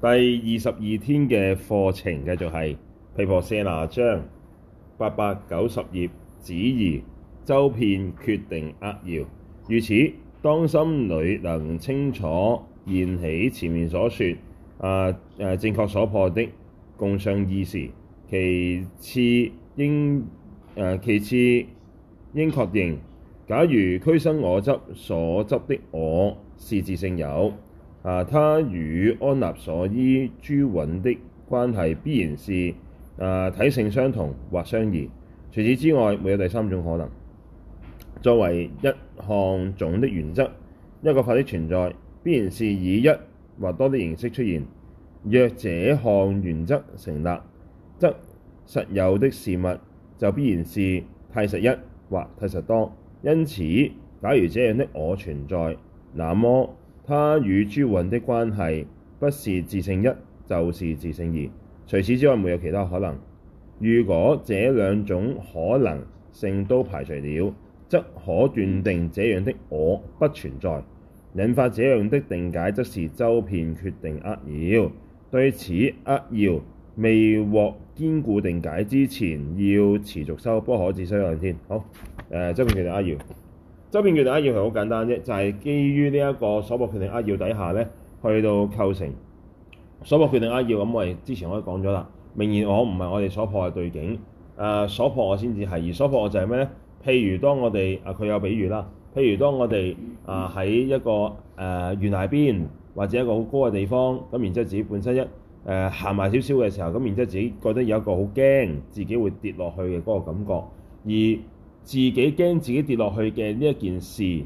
第二十二天嘅課程繼續係《毗缽舍那章》八百九十頁，子二周遍決定扼要。如此，當心裏能清楚現起前面所說啊、呃呃、正確所破的共相意時，其次應、呃、其次應確認，假如俱生我執所執的我是自性有。啊，它與安立所依諸蘊的關係，必然是啊體性相同或相異。除此之外，沒有第三種可能。作為一項總的原則，一個法的存在，必然是以一或多的形式出現。若這項原則成立，則實有的事物就必然是諦實一或諦實多。因此，假如這樣的我存在，那麼他與諸蘊的關係不是自性一就是自性異，除此之外，沒有其他可能。如果這兩種可能性都排除了，則可斷定這樣的我不存在。引發這樣的定解，則是周遍決定扼要。對此，扼要未獲堅固定解之前，要持續修波，不可只修兩天。好，呃、周遍決定扼要。周遍決定扼要係好簡單啫，就係、是、基於呢一個所破決定扼要底下咧，去到構成所破決定扼要咁。我哋之前我都講咗啦，明言我唔係我哋所破嘅對境，誒、呃、所破我先至係，而所破我就係咩咧？譬如當我哋啊佢有比喻啦，譬如當我哋啊喺一個誒、呃、懸崖邊或者一個好高嘅地方，咁然之後自己本身一誒行埋少少嘅時候，咁然之後自己覺得有一個好驚自己會跌落去嘅嗰個感覺，而自己驚自己跌落去嘅呢一件事，誒、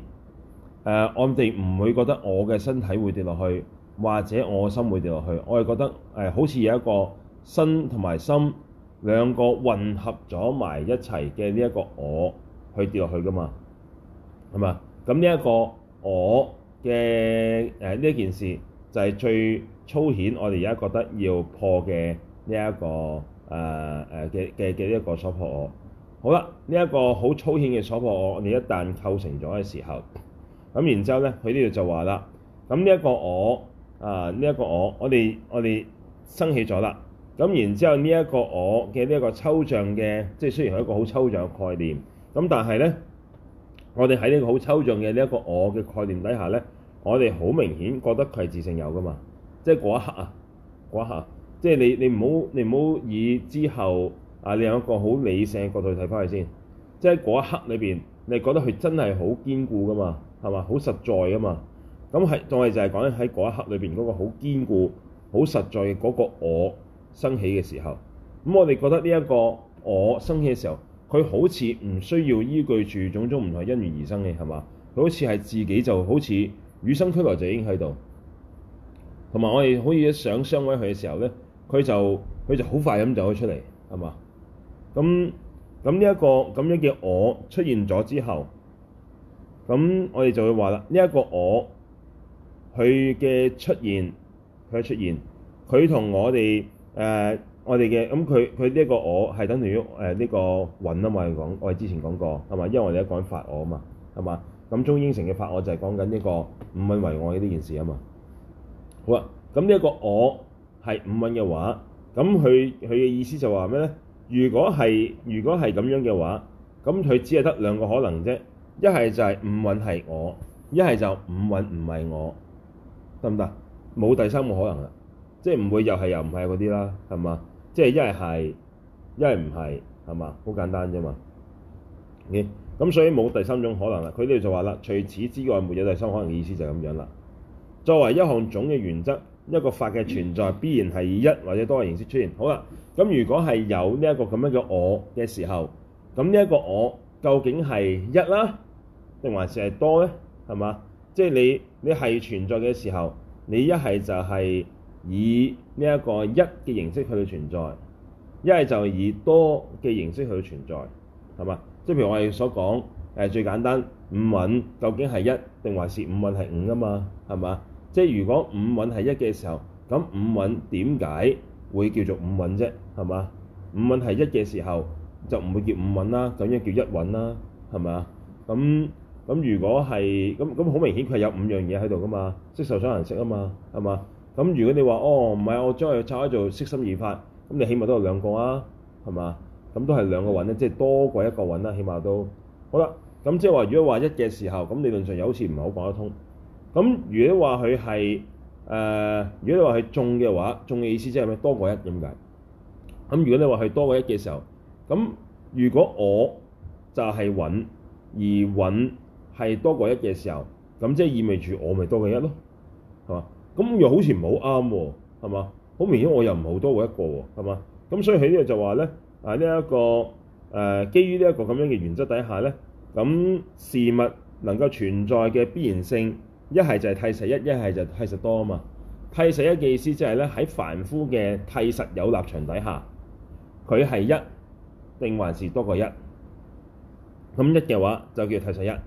呃，我哋唔會覺得我嘅身體會跌落去，或者我心會跌落去，我係覺得誒、呃，好似有一個身同埋心兩個混合咗埋一齊嘅呢一個我去跌落去㗎嘛，係嘛？咁呢一個我嘅誒呢一件事，就係最粗顯我哋而家覺得要破嘅呢一個誒誒嘅嘅嘅一個所破我。好啦，呢一個好粗淺嘅所破我哋一旦構成咗嘅時候，咁然之後咧，佢呢度就話啦，咁呢一個我啊，呢、呃、一個我，我哋我哋生起咗啦，咁然之後呢一個我嘅呢一個抽象嘅，即係雖然係一個好抽象嘅概念，咁但係咧，我哋喺呢個好抽象嘅呢一個我嘅概念底下咧，我哋好明顯覺得佢係自性有噶嘛，即係嗰一刻啊，嗰一刻，即係你你唔好你唔好以之後。啊！你有一個好理性嘅角度去睇翻佢先，即係嗰一刻裏邊，你覺得佢真係好堅固㗎嘛？係嘛？好實在㗎嘛？咁係，我哋就係講緊喺嗰一刻裏邊嗰個好堅固、好實在嘅嗰個我升起嘅時候，咁我哋覺得呢一個我升起嘅時候，佢好似唔需要依據住種種唔同嘅因緣而生嘅係嘛？佢好似係自己就好似與生俱來就已經喺度，同埋我哋可以一想雙位佢嘅時候咧，佢就佢就好快咁就可以出嚟係嘛？咁咁呢一個咁樣嘅我出現咗之後，咁我哋就會話啦：呢一個我佢嘅出現，佢嘅出現，佢同我哋誒、呃、我哋嘅咁佢佢呢一個我係等同於呢、呃這個蘊啊嘛。講我哋之前講過係嘛，因為我哋喺講法我啊嘛係嘛。咁中英成嘅法我就係講緊呢個五蘊為我呢件事啊嘛。好啊，咁呢一個我係五蘊嘅話，咁佢佢嘅意思就話咩咧？如果係如果係咁樣嘅話，咁佢只係得兩個可能啫，一係就係五蘊係我，一係就五蘊唔係我，得唔得？冇第三個可能啦，即係唔會又係又唔係嗰啲啦，係嘛？即係一係係，一係唔係，係嘛？好簡單啫嘛，OK？咁所以冇第三種可能啦。佢呢度就話啦，除此之外沒有第三可能嘅意思就係咁樣啦。作為一項總嘅原則。一個法嘅存在，必然係以一或者多嘅形式出現。好。好啦，咁如果係有呢一個咁樣嘅我嘅時候，咁呢一個我究竟係一啦、啊，定還是係多呢？係嘛？即係你你係存在嘅時候，你一係就係以呢一個一嘅形式去存在，一係就以多嘅形式去存在，係嘛？即係譬如我哋所講，誒最簡單五蘊，究竟係一，定還是五蘊係五啊嘛？係嘛？即係如果五蘊係一嘅時候，咁五蘊點解會叫做五蘊啫？係嘛？五蘊係一嘅時候就唔會叫五蘊啦，咁樣叫一蘊啦，係咪啊？咁咁如果係咁，咁好明顯佢係有五樣嘢喺度噶嘛？色受想行識啊嘛？係嘛？咁如果你話哦，唔係我將佢拆開做色心二法，咁你起碼都有兩個啊，係嘛？咁都係兩個蘊咧，即係多過一個蘊啦，起碼都好啦。咁即係話如果話一嘅時候，咁理論上又好似唔係好講得通。咁如果話佢係誒，如果你話係中嘅話，中嘅意思即係咩？多過一點解？咁如果你話係多過一嘅時候，咁如果我就係蘊而蘊係多過一嘅時候，咁即係意味住我咪多過一咯，係嘛？咁又好似唔好啱喎，係嘛？好明顯我又唔好多過一個喎，係嘛？咁所以喺呢個就話咧，啊呢一、呢個誒、呃，基於呢一個咁樣嘅原則底下咧，咁事物能夠存在嘅必然性。一係就係諦實一，一係就諦實多啊嘛！諦實一嘅意思即係咧，喺凡夫嘅諦實有立場底下，佢係一定還是多過一，咁一嘅話就叫諦實一，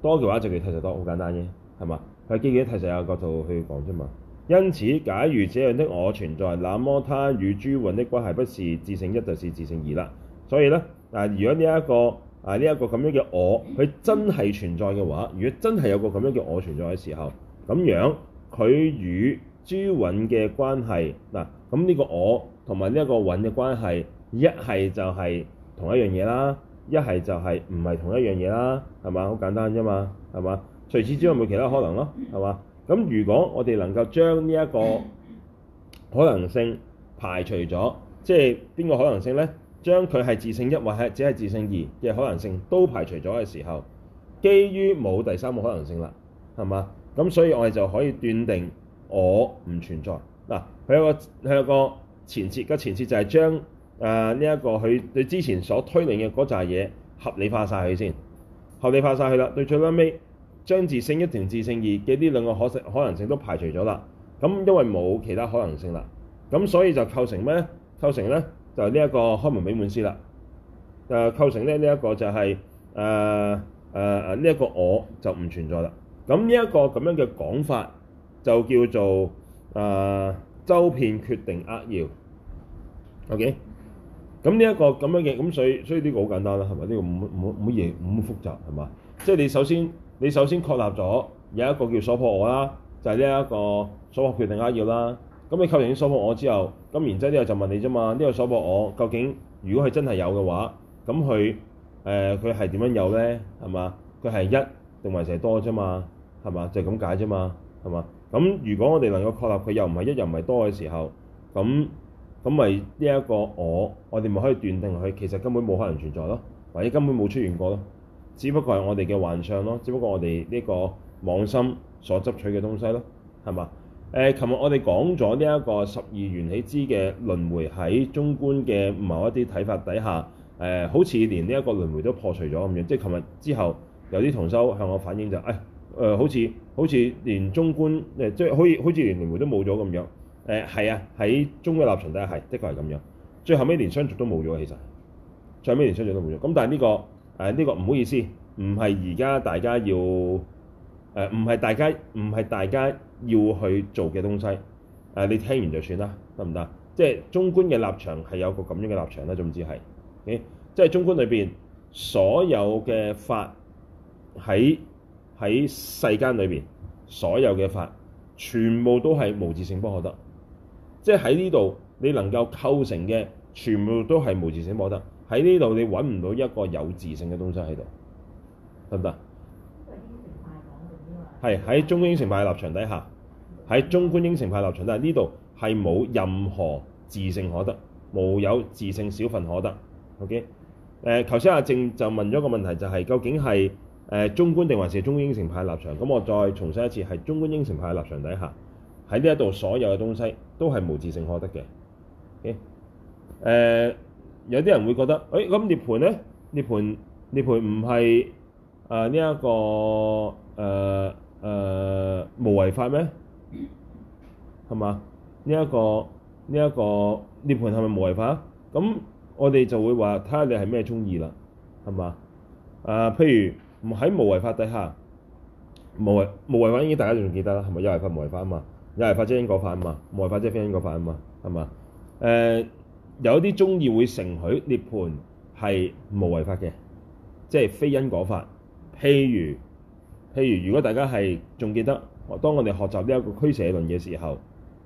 多嘅話就叫諦實多，好簡單啫，係嘛？佢基於諦實一角度去講啫嘛。因此，假如這樣的我存在，那麼他與諸蘊的關係不是自性一，就是自性異啦。所以咧，但如果呢、這、一個啊！呢、這、一個咁樣嘅我，佢真係存在嘅話，如果真係有個咁樣嘅我存在嘅時候，咁樣佢與諸蘊嘅關係嗱，咁、啊、呢、這個我同埋呢一個蘊嘅關係，一係就係同一樣嘢啦，一係就係唔係同一樣嘢啦，係嘛？好簡單啫嘛，係嘛？除此之外，冇其他可能咯、啊，係嘛？咁如果我哋能夠將呢一個可能性排除咗，即係邊個可能性咧？將佢係自性一或係只係自性異嘅可能性都排除咗嘅時候，基於冇第三個可能性啦，係嘛？咁所以我哋就可以斷定我唔存在嗱。佢有個佢有個前設，個前設就係將誒呢一個佢佢之前所推論嘅嗰扎嘢合理化晒佢先，合理化晒佢啦。對最拉尾將自性一同自性異嘅呢兩個可可能性都排除咗啦。咁因為冇其他可能性啦，咁所以就構成咩咧？構成咧？就係呢一個開門閉門師啦，誒、呃、構成咧呢一個就係誒誒誒呢一個我就唔存在啦。咁呢一個咁樣嘅講法就叫做誒、呃、周遍決定扼要。OK，咁呢一個咁樣嘅咁所以所以呢個好簡單啦，係咪？呢個唔唔唔乜嘢唔複雜係嘛？即係、就是、你首先你首先確立咗有一個叫所破我啦，就係呢一個所破決定扼要啦。咁你吸引啲所破我之後，咁然之後呢個人就問你啫嘛，呢、這個所破我究竟如果佢真係有嘅話，咁佢誒佢係點樣有咧？係嘛？佢係一定還成多啫嘛？係嘛？就係咁解啫嘛？係嘛？咁如果我哋能夠確立佢又唔係一又唔係多嘅時候，咁咁咪呢一個我，我哋咪可以斷定佢其實根本冇可能存在咯，或者根本冇出現過咯，只不過係我哋嘅幻象咯，只不過我哋呢個妄心所執取嘅東西咯，係嘛？誒，琴日我哋講咗呢一個十二緣起支嘅輪迴喺中觀嘅某一啲睇法底下，誒、呃、好似連呢一個輪迴都破除咗咁樣。即係琴日之後有啲同修向我反映就誒，誒、哎呃、好似好似連中觀誒即係可以好似連輪迴都冇咗咁樣。誒、呃、係啊，喺中觀立場底下係的確係咁樣。最後尾連相續都冇咗，其實最後尾連相續都冇咗。咁但係、這、呢個誒呢、呃這個唔好意思，唔係而家大家要。誒，唔係大家，唔係大家要去做嘅東西，誒，你聽完就算啦，得唔得？即係中觀嘅立場係有個咁樣嘅立場啦，總之係，即係中觀裏邊所有嘅法，喺喺世間裏邊所有嘅法，全部都係無自性不可得，即係喺呢度你能夠構成嘅全部都係無自性不可得，喺呢度你揾唔到一個有自性嘅東西喺度，得唔得？係喺中英承派立場底下，喺中觀英承派立場底下，但係呢度係冇任何自性可得，冇有，有自性小份可得。OK，誒、呃，頭先阿正就問咗個問題，就是，就係究竟係誒、呃、中觀定還是中英承派立場？咁我再重申一次，係中觀英承派立場底下，喺呢一度所有嘅東西都係無自性可得嘅。OK，、呃、有啲人會覺得，誒咁涅盤咧，涅盤涅盤唔係誒呢一個誒。呃誒、呃、無違法咩？係嘛？呢、這、一個呢一、這個涅盤係咪無違法啊？咁我哋就會話睇下你係咩中意啦，係嘛？啊、呃，譬如唔喺無違法底下，無違無違法已經大家仲記得啦，係咪？有違法無違法啊嘛，有違法即因果法啊嘛，無違法即係非因果法啊嘛，係嘛？誒、呃，有啲中意會承許涅盤係無違法嘅，即係非因果法，譬如。譬如如果大家係仲記得，當我哋學習呢一個俱舍論嘅時候，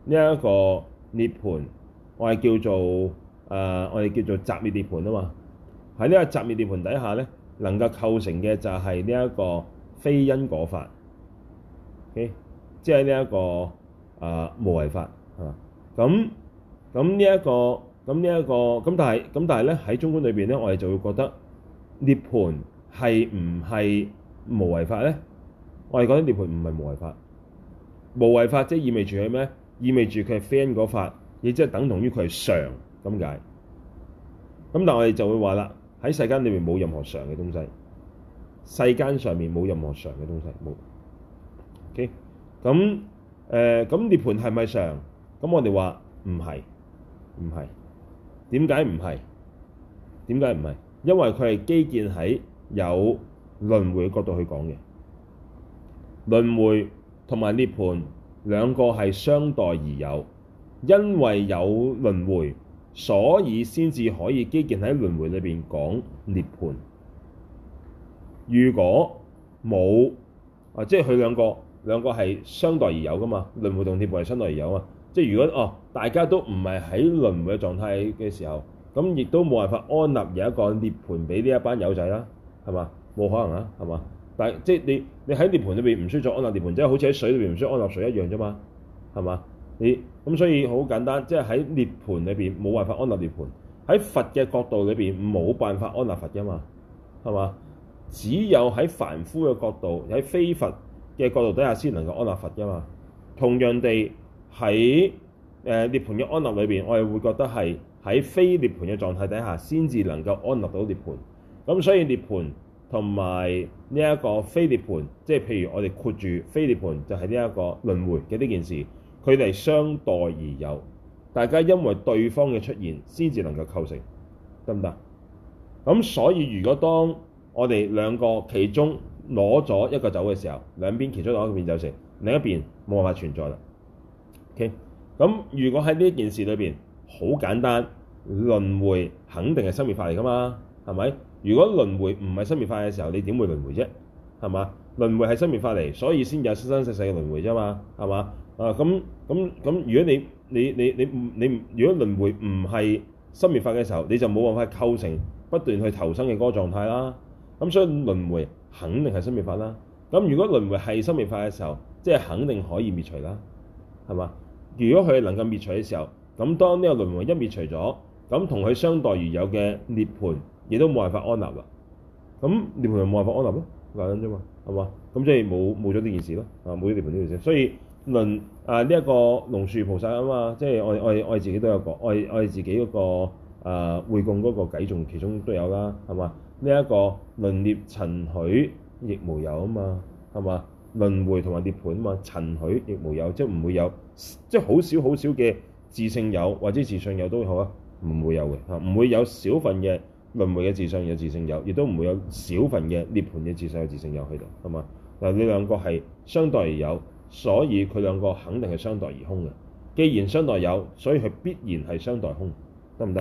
呢、這、一個涅槃，我係叫做誒、呃，我哋叫做擇滅涅槃啊嘛。喺呢個擇滅涅槃底下咧，能夠構成嘅就係呢一個非因果法、okay? 即係、這個呃啊這個這個、呢一個誒無為法係咁咁呢一個咁呢一個咁但係咁但係咧喺中觀裏邊咧，我哋就會覺得涅槃係唔係無為法咧？我哋講緊涅槃唔係無為法，無為法即意味住係咩？意味住佢係非嗰法，亦即係等同於佢係常，咁解。咁但係我哋就會話啦，喺世間裏面冇任何常嘅東西，世間上面冇任何常嘅東西，冇。OK，咁誒，咁涅槃係咪常？咁我哋話唔係，唔係。點解唔係？點解唔係？因為佢係基建喺有輪迴嘅角度去講嘅。輪迴同埋涅槃兩個係相待而有，因為有輪迴，所以先至可以基建喺輪迴裏邊講涅槃。如果冇啊，即係佢兩個兩個係相待而有噶嘛，輪迴同涅槃係相待而有啊嘛。即係如果哦，大家都唔係喺輪迴嘅狀態嘅時候，咁亦都冇辦法安立有一個涅槃俾呢一班友仔啦，係嘛？冇可能啊，係嘛？但係即係你，你喺涅盤裏邊唔需要再安立涅盤，即係好似喺水裏邊唔需要安立水一樣啫嘛，係嘛？你咁所以好簡單，即係喺涅盤裏邊冇辦法安立涅盤；喺佛嘅角度裏邊冇辦法安立佛嘅嘛，係嘛？只有喺凡夫嘅角度、喺非佛嘅角度底下先能夠安立佛嘅嘛。同樣地喺誒涅盤嘅安立裏邊，我哋會覺得係喺非涅盤嘅狀態底下先至能夠安立到涅盤。咁所以涅盤。同埋呢一個涅槃，即係譬如我哋括住涅槃，就係呢一個輪迴嘅呢件事，佢哋相待而有，大家因為對方嘅出現先至能夠構成，得唔得？咁所以如果當我哋兩個其中攞咗一個走嘅時候，兩邊其中攞一個變走成，另一邊冇辦法存在啦。OK，咁如果喺呢件事裏邊，好簡單，輪迴肯定係生滅法嚟㗎嘛，係咪？如果輪迴唔係生滅法嘅時候，你點會輪迴啫？係嘛？輪迴係生滅法嚟，所以先有生生世世嘅輪迴啫嘛。係嘛？啊咁咁咁，如果你你你你唔你，你如果輪迴唔係生滅法嘅時候，你就冇辦法構成不斷去投生嘅嗰個狀態啦。咁所以輪迴肯定係生滅法啦。咁如果輪迴係生滅法嘅時候，即係肯定可以滅除啦。係嘛？如果佢能夠滅除嘅時候，咁當呢個輪迴一滅除咗。咁同佢相待而有嘅涅盤，亦都冇辦法安立啦。咁涅盤又冇辦法安立咯，咁樣啫嘛，係嘛？咁即係冇冇咗呢件事咯。啊，冇咗涅盤呢件事，所以輪啊呢一個龍樹菩薩啊嘛，即係我我我哋自己都有講，我哋自己嗰、嗰個啊、呃、共供嗰個偈頌其中都有啦，係嘛？呢、呢、一個輪涅陳許亦無有啊嘛，係嘛？輪回同埋涅盤啊嘛，陳許亦無有，即係唔會有，即係好少好少嘅自性有或者自信有都會有都好啊，唔會有嘅嚇，唔會有少份嘅輪迴嘅自性，有自性有，亦都唔會有少份嘅涅槃嘅自性。有自性有喺度，係嘛？嗱、嗯，呢兩個係相對而有，所以佢兩個肯定係相對而空嘅。既然相對有，所以佢必然係相對空，得唔得？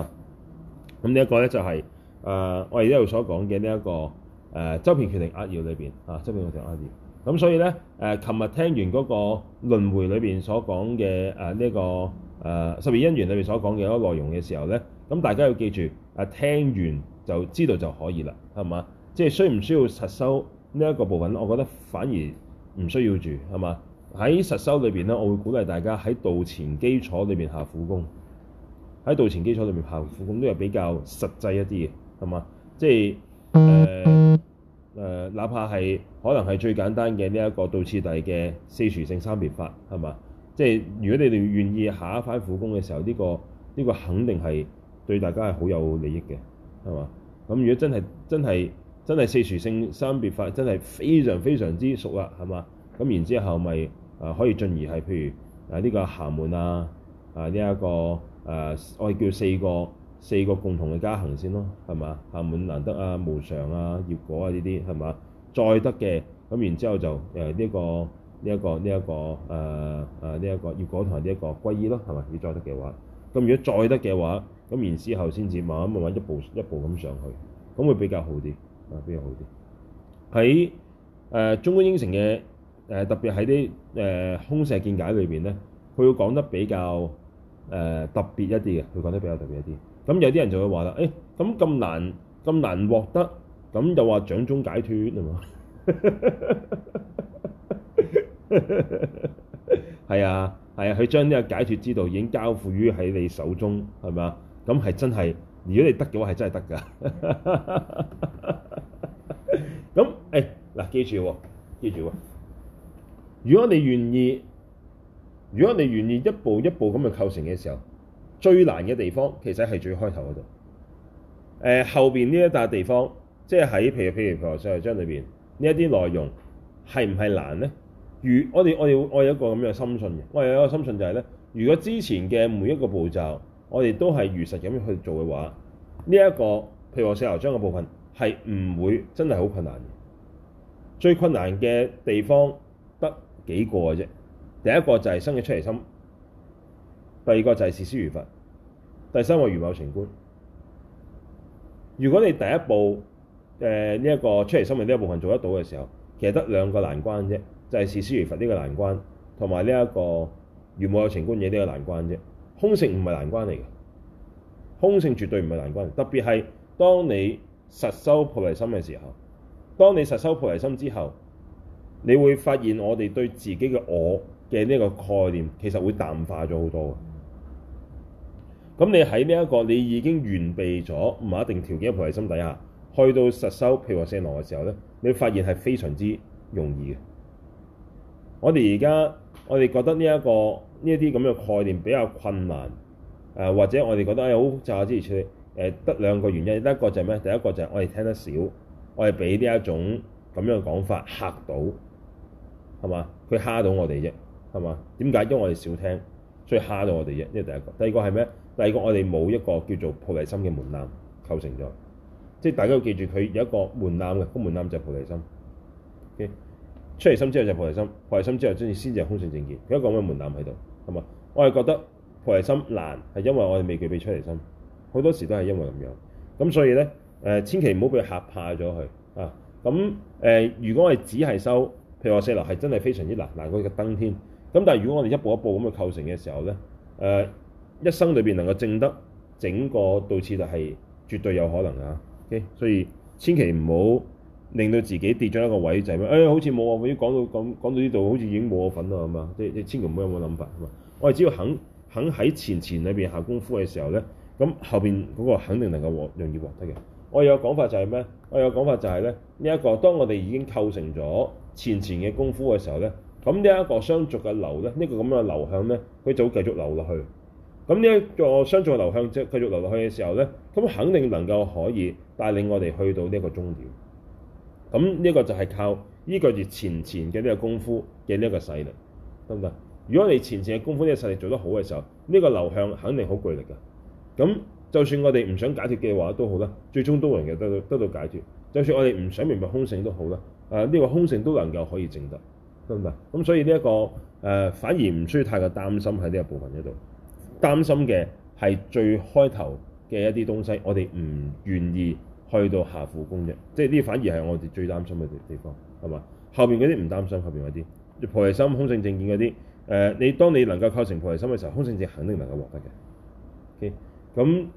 咁呢一個咧就係、是、誒、呃，我哋一路所講嘅呢一個誒、呃、周遍決定扼要裏邊啊，周遍決定扼要。咁所以咧誒，琴、呃、日聽完嗰個輪迴裏邊所講嘅誒呢一個，誒十二因緣裏面所講嘅一個內容嘅時候咧，咁大家要記住，誒、啊、聽完就知道就可以啦，係嘛？即係需唔需要實修呢一個部分？我覺得反而唔需要住，係嘛？喺實修裏邊咧，我會鼓勵大家喺道前基礎裏邊下苦功，喺道前基礎裏面下苦功都係比較實際一啲嘅，係嘛？即係誒誒，哪怕係可能係最簡單嘅呢一個道次第嘅四殊勝三別法，係嘛？即係如果你哋願意下一番苦功嘅時候，呢、這個呢、這個肯定係對大家係好有利益嘅，係嘛？咁如果真係真係真係四殊勝三別法真係非常非常之熟啦，係嘛？咁然之後咪啊可以進而係譬如啊呢、這個暇滿啊、這個、啊呢一個啊我哋叫四個四個共同嘅加行先咯，係嘛？暇滿難得啊無常啊業果啊呢啲係嘛？再得嘅咁然之後就誒呢、啊這個。呢一、這個呢一、這個誒誒呢一個要果同埋呢一個歸依咯，係咪？要再得嘅話，咁如果再得嘅話，咁然之後先至慢慢或者一步一步咁上去，咁會比較好啲，啊比較好啲。喺誒、呃、中觀應成嘅誒、呃、特別喺啲誒空性見解裏邊咧，佢會講得比較誒、呃、特別一啲嘅，佢講得比較特別一啲。咁有啲人就會話啦，誒咁咁難咁難獲得，咁又話掌中解脫係嘛？ 係 啊，係啊，佢將呢個解脫之道已經交付於喺你手中，係咪啊？咁係真係，如果你得嘅話，係真係得㗎。 咁誒嗱，記住喎，記住喎。如果你哋願意，如果你哋願意一步一步咁去構成嘅時候，最難嘅地方其實係最開頭嗰度。誒、呃，後邊呢一笪地方，即係喺譬如譬如《佛說阿彌陀經》裏邊呢一啲內容，係唔係難咧？如我哋我哋我有一個咁樣嘅深信嘅，我有一個深信，信就係、是、咧，如果之前嘅每一個步驟我哋都係如實咁樣去做嘅話，呢、這、一個譬如話寫油章嘅部分係唔會真係好困難嘅。最困難嘅地方得幾個嘅啫？第一個就係生起出離心，第二個就係事師如佛；第三個如某成觀。如果你第一步誒呢一個出離心嘅呢一部分做得到嘅時候，其實得兩個難關啫。就係事事如佛呢個難關，同埋呢一個如母有情觀嘢呢個難關啫。空性唔係難關嚟嘅，空性絕對唔係難關。特別係當你實修菩提心嘅時候，當你實修菩提心之後，你會發現我哋對自己嘅我嘅呢個概念，其實會淡化咗好多嘅。咁你喺呢一個你已經完備咗唔一定條件嘅菩提心底下，去到實修譬如聖樂嘅時候呢，你會發現係非常之容易嘅。我哋而家，我哋覺得呢一個呢一啲咁嘅概念比較困難，誒、呃、或者我哋覺得誒好炸之如處理，誒得兩個原因，第一個就係咩？第一個就係我哋聽得少，我哋俾呢一種咁樣嘅講法嚇到，係嘛？佢嚇到我哋啫，係嘛？點解？因為我哋少聽，所以嚇到我哋啫，呢個第一個。第二個係咩？第二個我哋冇一個叫做菩提心嘅門檻構成咗，即係大家要記住，佢有一個門檻嘅，個門檻就係菩提心。Okay? 出離心之後就菩提心，菩提心之後先先就空性正見。而家講嘅門檻喺度，係嘛？我係覺得菩提心難係因為我哋未具備出離心，好多時都係因為咁樣。咁所以咧，誒、呃、千祈唔好畀佢嚇怕咗佢啊！咁、啊、誒、呃，如果我哋只係收，譬如話四樓係真係非常之難難過嘅登天咁，但係如果我哋一步一步咁去構成嘅時候咧，誒、啊、一生裏邊能夠證得整個到此就係絕對有可能嘅。O.K.，啊、所以千祈唔好。令到自己跌咗一個位就係咩？誒、哎，好似冇喎，我要講到講講到呢度，好似已經冇我份咯，係嘛？即係千祈唔好有咁嘅諗法，係嘛？我係只要肯肯喺前前裏邊下功夫嘅時候咧，咁後邊嗰個肯定能夠獲容易獲得嘅。我有講法就係咩？我有講法就係咧呢一個，當我哋已經構成咗前前嘅功夫嘅時候咧，咁呢一個相續嘅流咧，呢、呢個咁樣嘅流向咧，佢就會繼續流落去。咁呢一個相續嘅流向即係繼續流落去嘅時候咧，咁肯定能夠可以帶領我哋去到呢一個終點。咁呢個就係靠呢個住前前嘅呢個功夫嘅呢一個勢力，得唔得？如果你前前嘅功夫呢、這個勢力做得好嘅時候，呢、這個流向肯定好巨力嘅。咁就算我哋唔想解脫嘅話都好啦，最終都會嘅得到得到解脫。就算我哋唔想明白空性都好啦，誒、這、呢個空性都能夠可以證得，得唔得？咁所以呢、這、一個誒、呃、反而唔需要太過擔心喺呢個部分喺度，擔心嘅係最開頭嘅一啲東西，我哋唔願意。去到下附公益，即係呢，反而係我哋最擔心嘅地地方，係嘛？後邊嗰啲唔擔心，後邊嗰啲菩提心、空性正見嗰啲，誒、呃，你當你能夠構成菩提心嘅時候，空性證肯定能夠獲得嘅。咁、okay? 誒、嗯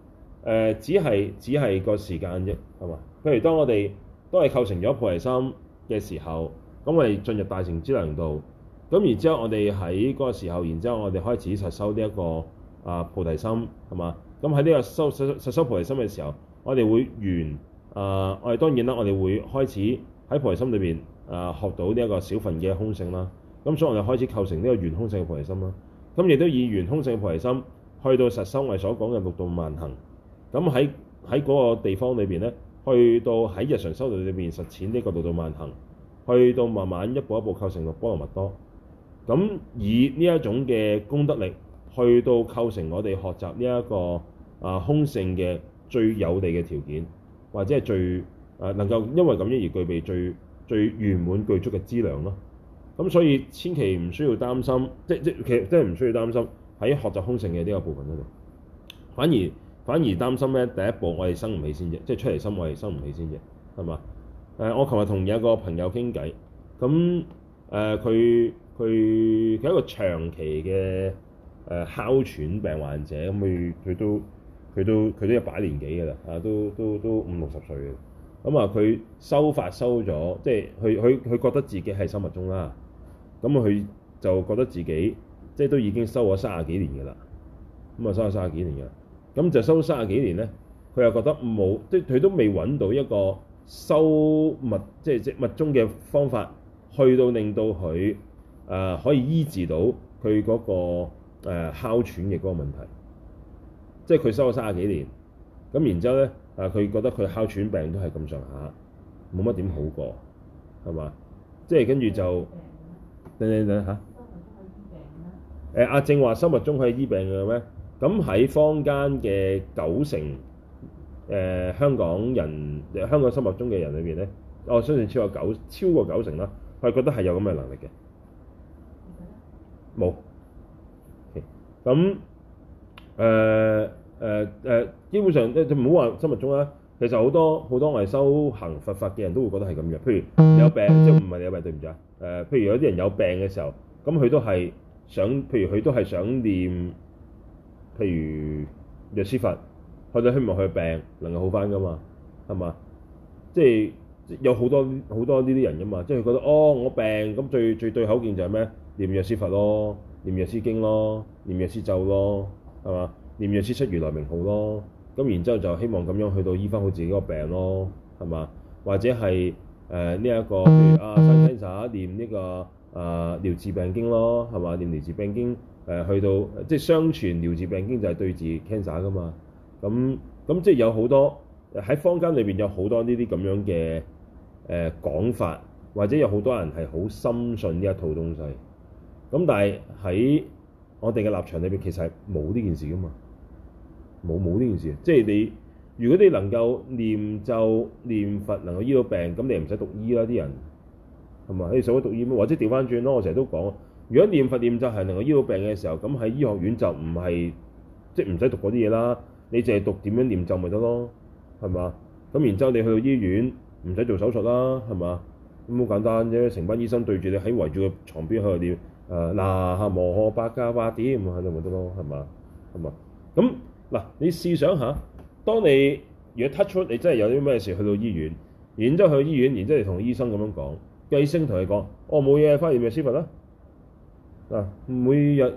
呃，只係只係個時間啫，係嘛？譬如當我哋都係構成咗菩提心嘅時候，咁我哋進入大乘之能度，咁然之後我哋喺嗰個時候，然之後我哋開始實修呢一個啊菩提心，係嘛？咁喺呢個收實修實修菩提心嘅時候，我哋會完。啊！我哋當然啦，我哋會開始喺菩提心裏邊啊，學到呢一個少分嘅空性啦。咁、啊嗯、所以我哋開始構成呢個緣空性嘅菩提心啦。咁、啊、亦、嗯、都以緣空性嘅菩提心去到實修位所講嘅六度萬行。咁喺喺嗰個地方裏邊咧，去到喺日常修道裏邊實踐呢個六度萬行，去到慢慢一步一步構成六波羅蜜多。咁、啊、以呢一種嘅功德力，去到構成我哋學習呢一個啊空性嘅最有利嘅條件。或者係最誒、呃、能夠因為咁樣而具備最最圓滿具足嘅資量咯，咁所以千祈唔需要擔心，即即其實真係唔需要擔心喺學習空性嘅呢個部分嗰度，反而反而擔心咧第一步我哋生唔起先啫，即係出離心我哋生唔起先啫，係嘛？誒、呃、我琴日同有一個朋友傾偈，咁誒佢佢佢係一個長期嘅誒哮喘病患者，咁佢佢都。佢都佢都一把年紀嘅啦，啊都都都五六十歲嘅，咁啊佢修法修咗，即係佢佢佢覺得自己係修密宗啦，咁佢就覺得自己即係都已經修咗三十幾年嘅啦，咁啊修咗三十幾年嘅，咁就修咗三十幾年咧，佢又覺得冇，即係佢都未揾到一個修密即係即密宗嘅方法，去到令到佢啊、呃、可以醫治到佢嗰、嗰個哮喘嘅嗰個問題。即係佢收咗三十幾年，咁然之後咧，啊佢覺得佢哮喘病都係咁上下，冇乜點好過，係嘛？即係跟住就等等等嚇。誒阿、呃啊、正話心脈中可以醫病嘅咩？咁喺坊間嘅九成誒、呃、香港人、香港心脈中嘅人裏邊咧，我相信超過九、超過九成啦，佢覺得係有咁嘅能力嘅。冇。咁。嗯誒誒誒，基本上即係唔好話生物中啦。其實好多好多係修行佛法嘅人都會覺得係咁樣。譬如有病， 即係唔係你有病？對唔住啊！誒、呃，譬如有啲人有病嘅時候，咁佢都係想，譬如佢都係想念，譬如藥師佛，佢就希望佢嘅病能夠好翻㗎嘛，係嘛？即係有好多好多呢啲人㗎嘛，即係佢覺得哦，我病咁最最對口件就係咩唸藥師佛咯，唸藥師經咯，唸藥師咒咯。係嘛？念藥師出如來名號咯，咁然之後就希望咁樣去到醫翻好自己個病咯，係嘛？或者係誒呢一個譬如阿生 cancer，念呢、這個啊、呃、療治病經咯，係嘛？念療治病經誒、呃，去到即係相傳療治病經就係對治 cancer 嘅嘛。咁、嗯、咁、嗯、即係有好多喺坊間裏邊有好多呢啲咁樣嘅誒講法，或者有好多人係好深信呢一套東西。咁、嗯、但係喺我哋嘅立場裏邊其實係冇呢件事噶嘛，冇冇呢件事，即係你如果你能夠念咒念佛，能夠醫到病，咁你唔使讀醫啦啲人，係咪？你使唔使讀醫咩？或者調翻轉咯，我成日都講，如果念佛念咒係能夠醫到病嘅時候，咁喺醫學院就唔係即係唔使讀嗰啲嘢啦，你淨係讀點樣念咒咪得咯，係咪啊？咁然之後你去到醫院唔使做手術啦，係咪啊？咁好簡單啫，成班醫生對住你喺圍住個床邊喺度念。誒嗱，磨學、uh, 啊、百架八點喺度咪得咯，係嘛？係嘛？咁嗱、啊，你試想下，當你如果 touch 出你真係有啲咩事，去到醫院，然之後去醫院，然之後同醫,醫,醫生咁樣講，計聲同佢講，我冇嘢，花完藥資咪得啦。嗱、啊啊，每日誒、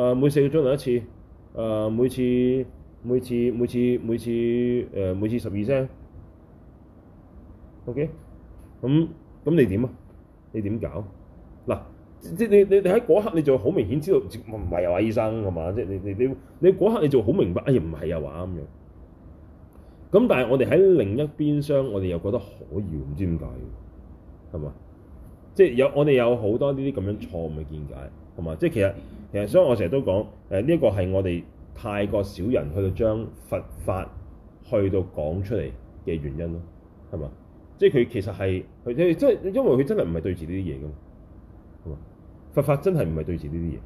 啊、每四個鐘頭一次，誒、啊、每次每次每次每次誒、呃、每次十二聲，ok，咁咁你點啊？你點搞嗱？即你你你喺嗰刻你就好明顯知道，唔係又話醫生，係嘛？即你你你你嗰刻你就好明白，哎唔係啊話咁樣。咁但係我哋喺另一邊廂，我哋又覺得可以，唔知點解，係嘛？即有我哋有好多呢啲咁樣錯誤嘅見解，係嘛？即其實其實，所以我成日都講，誒呢一個係我哋太過少人去到將佛法去到講出嚟嘅原因咯，係嘛？即佢其實係佢即因為佢真係唔係對住呢啲嘢嘅，係嘛？佛法，法真係唔係對治呢啲嘢，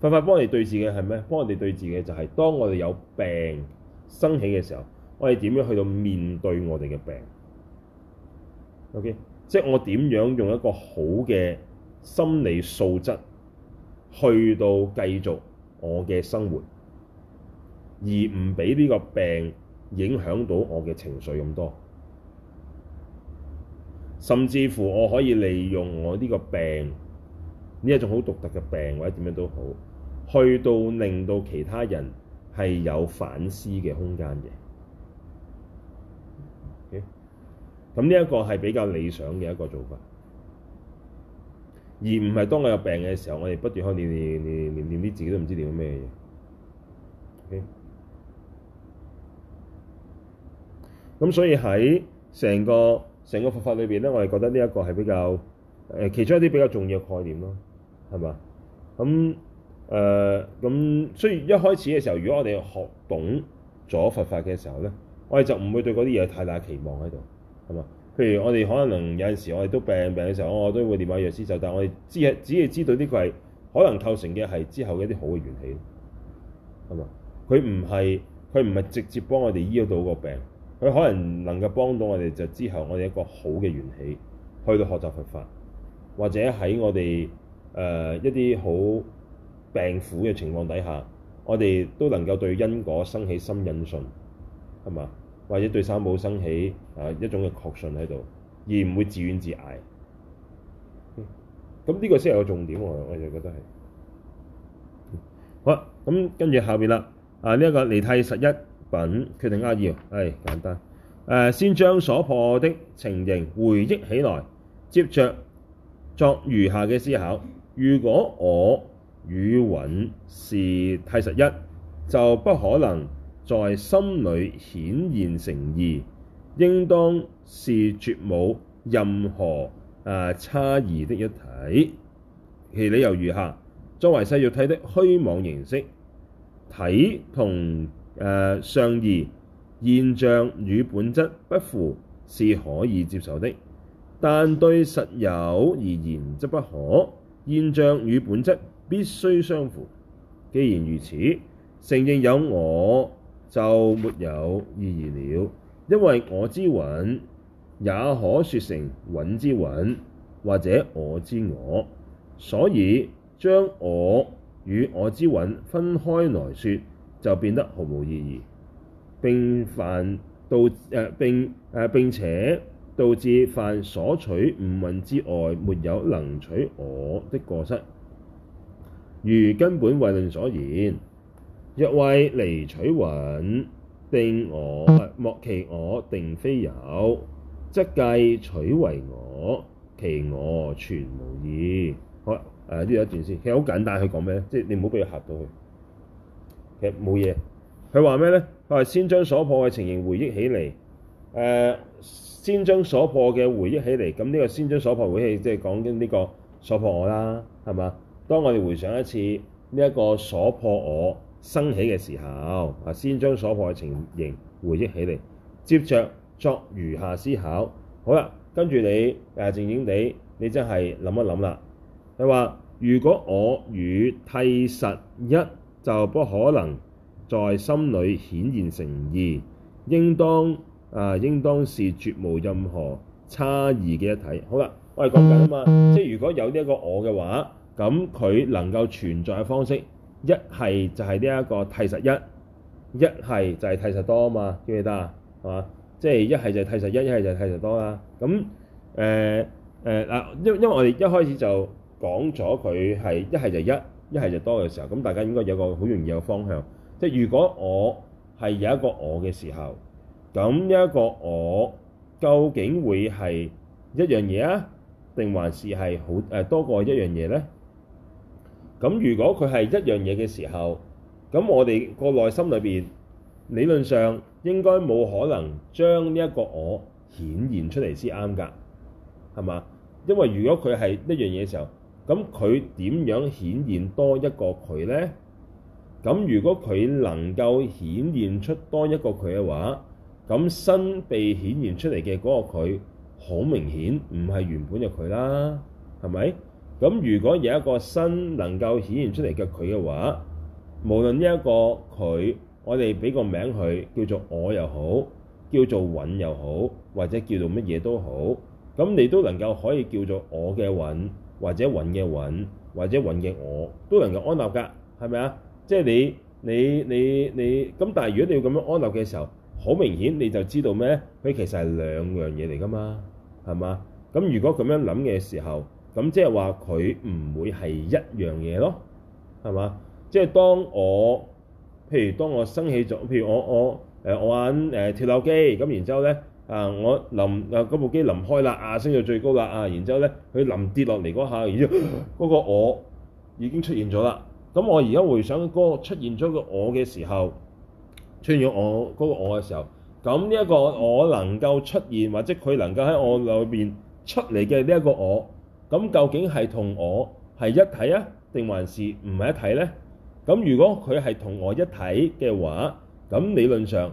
佛法，法幫我哋對治嘅係咩？幫我哋對治嘅就係當我哋有病生起嘅時候，我哋點樣去到面對我哋嘅病？OK，即係我點樣用一個好嘅心理素質去到繼續我嘅生活，而唔俾呢個病影響到我嘅情緒咁多，甚至乎我可以利用我呢個病。呢一種好獨特嘅病，或者點樣都好，去到令到其他人係有反思嘅空間嘅。咁呢一個係比較理想嘅一個做法，而唔係當我有病嘅時候，我哋不斷念念念念念啲自己都唔知念緊咩嘢。咁、okay? 所以喺成個成個佛法裏邊咧，我哋覺得呢一個係比較誒、呃、其中一啲比較重要嘅概念咯。係嘛，咁誒、咁？所以、呃、一開始嘅時候，如果我哋學懂咗佛法嘅時候咧，我哋就唔會對嗰啲嘢有太大期望喺度係嘛。譬如我哋可能有陣時，我哋都病病嘅時候，我都會念下藥師咒，但係我哋知只要知道呢個係可能構成嘅係之後嘅一啲好嘅元氣係嘛。佢唔係佢唔係直接幫我哋醫到個病，佢可能能夠幫到我哋就之後我哋一個好嘅元氣去到學習佛法，或者喺我哋。誒、呃、一啲好病苦嘅情況底下，我哋都能夠對因果生起深忍信，係嘛？或者對三寶生起啊、呃、一種嘅確信喺度，而唔會自怨自艾。咁、嗯、呢個先係個重點、啊、我就覺得係。好啦，咁跟住下邊啦。啊，呢、這、一個離諦實一品決定扼要係簡單。誒、啊，先將所破的情形回憶起來，接着作如下嘅思考。如果我與蘊是諦實一，就不可能在心裡顯現成異，應當是絕冇任何、呃、差異的一體。其理由如下：作為世俗體的虛妄形式，體同呃、相異現象與本質不符，是可以接受的；但對實有而言則不可。現象與本質必須相符。既然如此，承認有我就沒有意義了，因為我之蘊也可說成蘊之蘊，或者我之我。所以將我與我之蘊分開來說就變得毫無意義。並犯到誒並誒、呃、並且。導致犯所取五蘊之外，沒有能取我的過失。如根本慧論所言，若為離取蘊定我，莫其我定非有。則計取為我，其我全無義。好啦，呢、呃、有一段先，其實好簡單。佢講咩咧？即係你唔好俾佢嚇到佢。其實冇嘢，佢話咩咧？佢話先將所破嘅情形回憶起嚟，誒、呃。先將所破嘅回憶起嚟，咁、這、呢個先將所破回憶，即係講緊呢個所破我啦，係嘛？當我哋回想一次呢一、這個所破我生起嘅時候，啊，先將所破嘅情形回憶起嚟，接着作如下思考。好啦，跟住你誒靜靜地，你真係諗一諗啦。你話如果我與諦實一就不可能在心裏顯現成異，應當。啊，應當是絕無任何差異嘅一體。好啦，我哋講緊啊嘛，即係如果有呢一個我嘅話，咁佢能夠存在嘅方式，一係就係呢一個諦實一，一係就係諦實多啊嘛，記唔記得啊？係嘛，即係一係就係諦實一，一係就係諦實多啦。咁誒誒嗱，因、呃呃、因為我哋一開始就講咗佢係一係就一，一係就多嘅時候，咁大家應該有個好容易嘅方向。即係如果我係有一個我嘅時候。咁一個我究竟會係一樣嘢啊，定還是係好誒多過一樣嘢呢？咁如果佢係一樣嘢嘅時候，咁我哋個內心裏邊理論上應該冇可能將呢一個我顯現出嚟先啱㗎，係嘛？因為如果佢係一樣嘢嘅時候，咁佢點樣顯現多一個佢呢？咁如果佢能夠顯現出多一個佢嘅話，咁新被顯現出嚟嘅嗰個佢，好明顯唔係原本嘅佢啦，係咪？咁如果有一個新能夠顯現出嚟嘅佢嘅話，無論呢一個佢，我哋俾個名佢叫做我又好，叫做蘊又好，或者叫做乜嘢都好，咁你都能夠可以叫做我嘅蘊，或者蘊嘅蘊，或者蘊嘅我，都能夠安立㗎，係咪啊？即係你你你你咁，但係如果你要咁樣安立嘅時候，好明顯你就知道咩咧？佢其實係兩樣嘢嚟㗎嘛，係嘛？咁如果咁樣諗嘅時候，咁即係話佢唔會係一樣嘢咯，係嘛？即係當我，譬如當我生起咗，譬如我我誒我玩誒、呃、跳樓機，咁然之後咧啊，我臨啊嗰部機臨開啦啊，升到最高啦啊，然之後咧佢臨跌落嚟嗰下，然之後嗰個我已經出現咗啦。咁我而家回想嗰個出現咗個我嘅時候，穿咗我嗰、那個我嘅時候，咁呢一個我能夠出現，或者佢能夠喺我裏邊出嚟嘅呢一個我，咁究竟係同我係一體啊，定還是唔係一體呢？咁如果佢係同我一體嘅話，咁理論上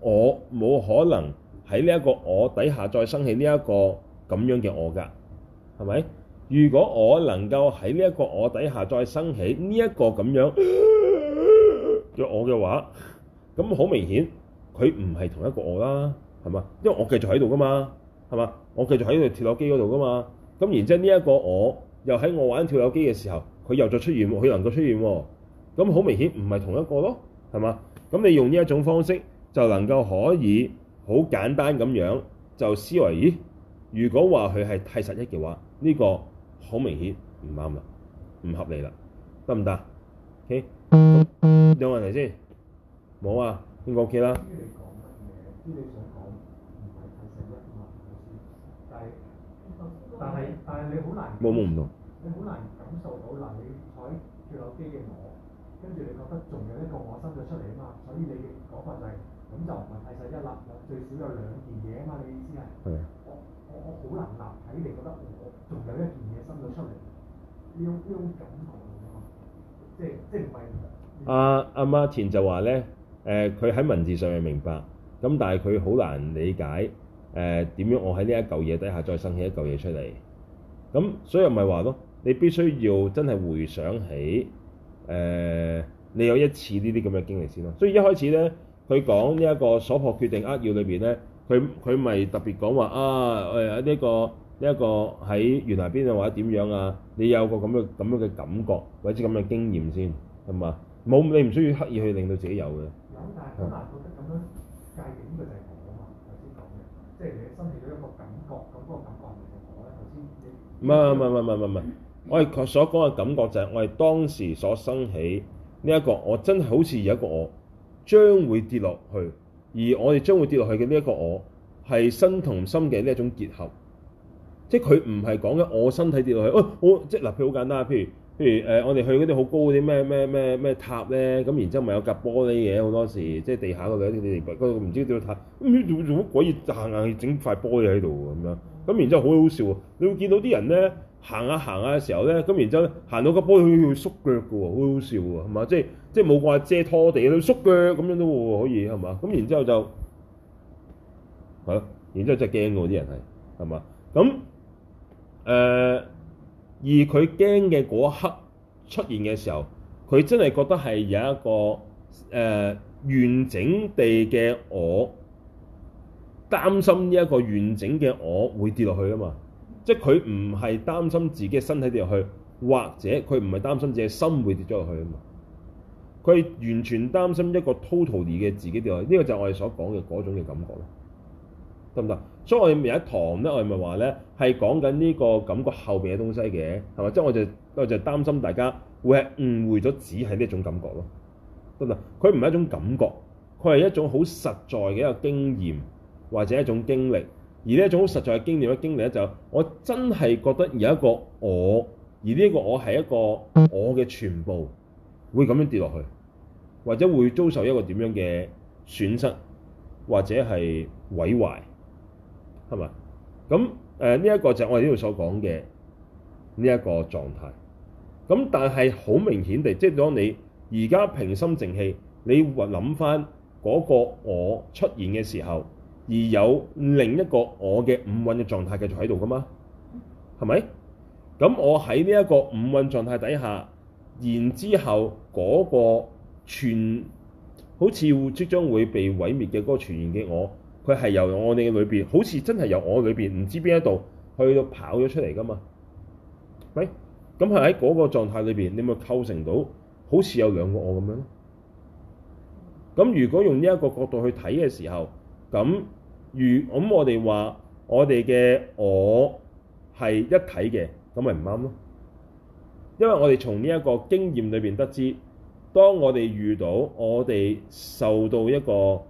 我冇可能喺呢一個我底下再生起呢一個咁樣嘅我㗎，係咪？如果我能夠喺呢一個我底下再生起呢一個咁樣嘅我嘅話，咁好明顯，佢唔係同一個我啦，係嘛？因為我繼續喺度噶嘛，係嘛？我繼續喺度個跳樓機嗰度噶嘛。咁然之後呢一個我又喺我玩跳樓機嘅時候，佢又再出現，佢能夠出現喎、哦。咁好明顯唔係同一個咯，係嘛？咁你用呢一種方式，就能夠可以好簡單咁樣就思維，咦？如果話佢係諦實一嘅話，呢、這個好明顯唔啱啦，唔合理啦，得唔得？OK 有問題先。Okay. 冇啊，邊個屋企啦？跟住你講乜嘢？跟住你想講，唔係太細一粒。但係，但係你好難。冇，冇唔同。你好難感受到嗱，你喺跳樓機嘅我，跟住你覺得仲有一個我伸咗出嚟啊嘛，所以你嘅講法就係，咁就唔係太細一粒，最少有兩件嘢啊嘛，你意思係？係啊。我我我好難立體你覺得，我我仲有一件嘢伸咗出嚟，呢種呢種感覺啊嘛，即係即係唔係。阿阿 Martin 就話咧。誒佢喺文字上面明白，咁但係佢好難理解誒點、呃、樣我喺呢一嚿嘢底下再生起一嚿嘢出嚟，咁、嗯、所以咪唔話咯，你必須要真係回想起誒、呃、你有一次呢啲咁嘅經歷先咯。所以一開始咧，佢講呢一個所破決定扼要裏邊咧，佢佢咪特別講話啊誒呢、呢個呢一、呢個喺懸崖邊度或者點樣啊，你有個咁樣咁樣嘅感覺或者咁嘅經驗先，係嘛？冇，你唔需要刻意去令到自己有嘅。咁但係好難做出咁樣界定嘅，就係我啊嘛。頭先講嘅，即係你生起咗一個感覺，咁嗰個感覺係咪我咧？頭先唔係唔係唔係唔係唔係，我哋所講嘅感覺就係我哋當時所生起呢一個，我真係好似有一個我將會跌落去，而我哋將會跌落去嘅呢一個我係身同心嘅呢一種結合，即係佢唔係講緊我身體跌落去，哦、哎，我即係嗱，譬如好簡單，譬如。譬如誒、呃，我哋去嗰啲好高啲咩咩咩咩塔咧，咁然之後咪有架玻璃嘅、啊、好多時，即係地下嗰兩兩兩，唔知叫塔，咁樣做乜鬼嘢行行要整塊玻璃喺度咁樣，咁然之後好好笑喎，你會見到啲人咧行下行下嘅時候咧，咁然之後咧行到個玻璃去縮腳嘅喎，好好笑喎，係嘛？即係即係冇話借拖地，佢縮腳咁樣都喎，可以係嘛？咁然之後就係咯，然之後就驚嘅啲人係，係嘛？咁誒。而佢驚嘅嗰一刻出現嘅時候，佢真係覺得係有一個誒、呃、完整地嘅我擔心呢一個完整嘅我會跌落去啊嘛，即係佢唔係擔心自己嘅身體跌落去，或者佢唔係擔心自己嘅心會跌咗落去啊嘛，佢完全擔心一個 totally 嘅自己跌落去，呢、這個就係我哋所講嘅嗰種嘅感覺啦，得唔得？所以我哋有一堂咧，我哋咪話咧，係講緊呢個感覺後邊嘅東西嘅，係咪？即係我就我就擔心大家會係誤會咗，只係呢種感覺咯。唔係，佢唔係一種感覺，佢係一種好實在嘅一個經驗或者一種經歷。而呢一種好實在嘅經驗、嘅經歷咧，就我真係覺得有一個我，而呢一個我係一個我嘅全部，會咁樣跌落去，或者會遭受一個點樣嘅損失或者係毀壞。係咪？咁誒呢一個就係我哋呢度所講嘅呢一個狀態。咁但係好明顯地，即係當你而家平心靜氣，你或諗翻嗰個我出現嘅時候，而有另一個我嘅五蘊嘅狀態繼續喺度㗎嘛？係咪？咁我喺呢一個五蘊狀態底下，然之後嗰個傳好似會即將會被毀滅嘅嗰個傳言嘅我，佢係由我哋嘅裏邊，好似真係由我嘅裏邊，唔知邊一度去到跑咗出嚟㗎嘛？喂，咁係喺嗰個狀態裏邊，你咪構成到好似有兩個我咁樣咯。咁如果用呢一個角度去睇嘅時候，咁如，咁我哋話我哋嘅我係一體嘅，咁咪唔啱咯？因為我哋從呢一個經驗裏邊得知，當我哋遇到我哋受到一個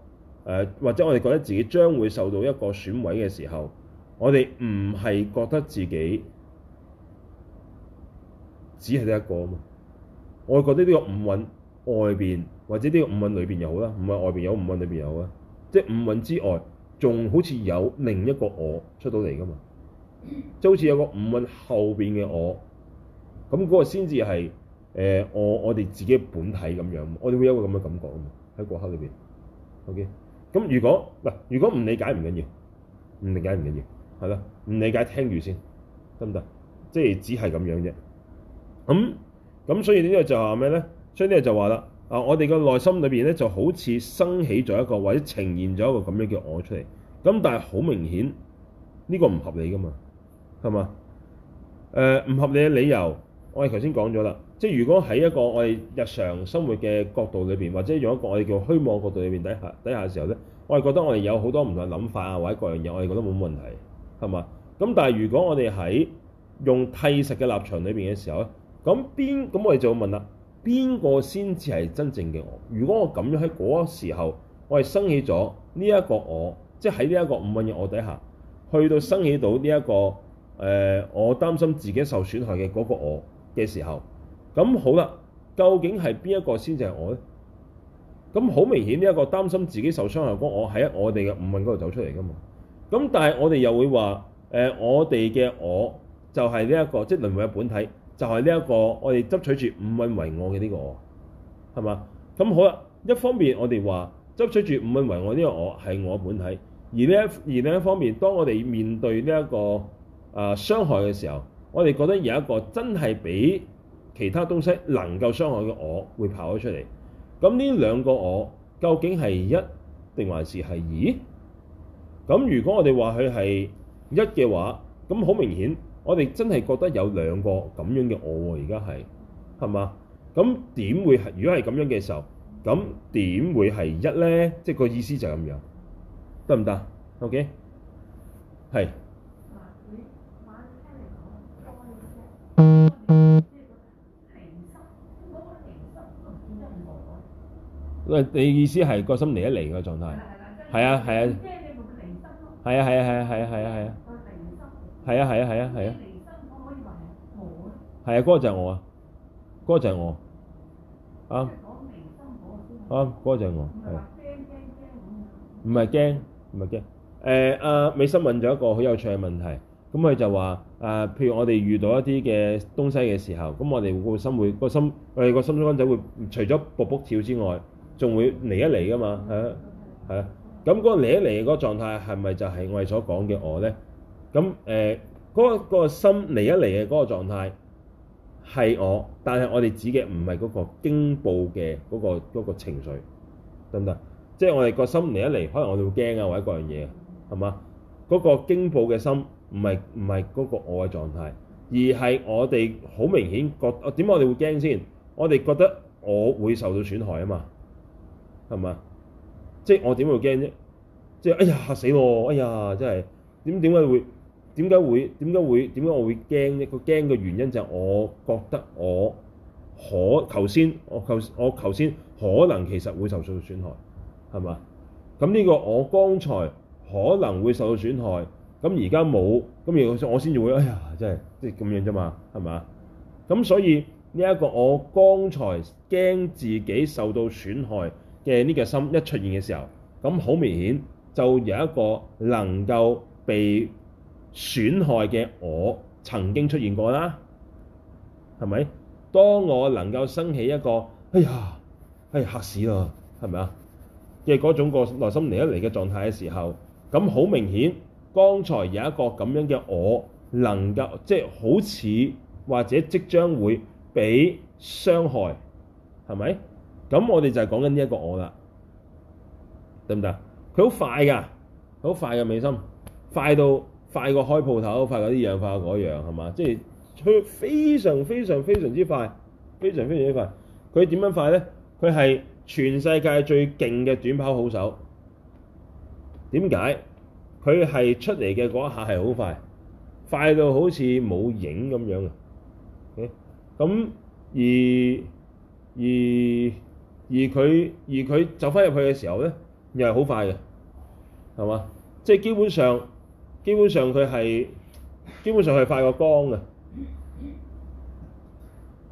誒或者我哋覺得自己將會受到一個損毀嘅時候，我哋唔係覺得自己只係得一個啊嘛，我覺得呢個五蘊外邊或者呢個五蘊裏邊又好啦，五蘊外邊有五蘊裡面好，裏邊有啊，即係五蘊之外，仲好似有另一個我出到嚟噶嘛，即係好似有個五蘊後邊嘅我，咁、那、嗰個先至係誒我我哋自己本體咁樣，我哋會有個咁嘅感覺啊嘛，喺個刻裏邊，OK。咁如果嗱，如果唔理解唔緊要，唔理解唔緊要，係咯，唔理解聽住先，得唔得？即係只係咁樣啫。咁咁所以呢個就話咩咧？所以呢個就話啦，啊，我哋個內心裏邊咧就好似升起咗一個或者呈現咗一個咁樣嘅我出嚟。咁但係好明顯，呢、這個唔合理噶嘛，係嘛？誒、呃、唔合理嘅理由，我哋頭先講咗啦。即係如果喺一個我哋日常生活嘅角度裏邊，或者用一個我哋叫虛妄角度裏邊底下底下嘅時候咧，我哋覺得我哋有好多唔同嘅諗法啊，或者各樣嘢，我哋覺得冇問題，係嘛？咁但係如果我哋喺用諦實嘅立場裏邊嘅時候咧，咁邊咁我哋就要問啦：邊個先至係真正嘅我？如果我咁樣喺嗰個時候，我係生起咗呢一個我，即係喺呢一個五蘊嘅我底下，去到生起到呢、這、一個誒、呃、我擔心自己受損害嘅嗰個我嘅時候。咁好啦，究竟係邊一個先至係我咧？咁好明顯，呢一個擔心自己受傷害嘅、呃，我喺我哋嘅五運嗰度走出嚟噶嘛？咁但係我哋又會話誒，我哋嘅我就係呢一個，即係輪迴嘅本體，就係呢一個我哋執取住五運為我嘅呢個我，係嘛？咁好啦，一方面我哋話執取住五運為我呢個我係我本體，而呢一而另一方面，當我哋面對呢、這、一個誒、呃、傷害嘅時候，我哋覺得有一個真係比。其他東西能夠傷害嘅我會跑咗出嚟，咁呢兩個我究竟係一定還是係二？咁如果我哋話佢係一嘅話，咁好明顯我哋真係覺得有兩個咁樣嘅我喎，而家係係嘛？咁點會係？如果係咁樣嘅時候，咁點會係一咧？即係個意思就係咁樣，得唔得？OK，係。 餵！你意思係個心嚟一嚟嘅狀態係啊係啊，即係你冇個零身咯，係啊係啊係啊係啊係啊係啊，係啊係啊係啊係啊，零身可可以話係我咯，係啊嗰個就係我啊，嗰個就係我啱啱嗰個就係我，係啊，唔係驚唔係驚誒啊！美心問咗一個好有趣嘅問題，咁佢就話誒，譬如我哋遇到一啲嘅東西嘅時候，咁我哋個心會個心我哋個心中軀會除咗卜卜跳之外。仲會嚟一嚟噶嘛？係啊係啊。咁嗰個嚟一嚟嘅嗰個狀態係咪就係我哋所講嘅我咧？咁誒嗰個心嚟一嚟嘅嗰個狀態係我，但係我哋指嘅唔係嗰個驚怖嘅嗰個情緒，得唔得？即係我哋個心嚟一嚟，可能我哋會驚啊，或者各樣嘢，係嘛？嗰個驚怖嘅心唔係唔係嗰個我嘅狀態，而係我哋好明顯覺得點解我哋會驚先？我哋覺得我會受到損害啊嘛。係嘛？即係我點會驚啫？即係哎呀，嚇死咯！哎呀，真係點點解會點解會點解會點解我會驚呢？個驚嘅原因就係我覺得我可頭先我頭我頭先可能其實會受到損害，係嘛？咁呢個我剛才可能會受到損害，咁而家冇咁而我我先至會哎呀！真係即係咁樣啫嘛？係嘛？咁所以呢一個我剛才驚自己受到損害。嘅呢個心一出現嘅時候，咁好明顯就有一個能夠被損害嘅我曾經出現過啦，係咪？當我能夠生起一個哎呀，哎呀，嚇死啦，係咪啊？嘅嗰種個內心嚟一嚟嘅狀態嘅時候，咁好明顯，剛才有一個咁樣嘅我能夠即係、就是、好似或者即將會被傷害，係咪？咁我哋就係講緊呢一個我啦，得唔得？佢好快㗎，好快嘅美心，快到快過開鋪頭，快過啲氧化嗰樣係嘛？即係佢非常非常非常之快，非常非常之快。佢點樣快咧？佢係全世界最勁嘅短跑好手。點解？佢係出嚟嘅嗰一下係好快，快到好似冇影咁樣嘅。咁、嗯、而而而佢而佢走翻入去嘅時候咧，又係好快嘅，係嘛？即係基本上基本上佢係基本上係快過光嘅，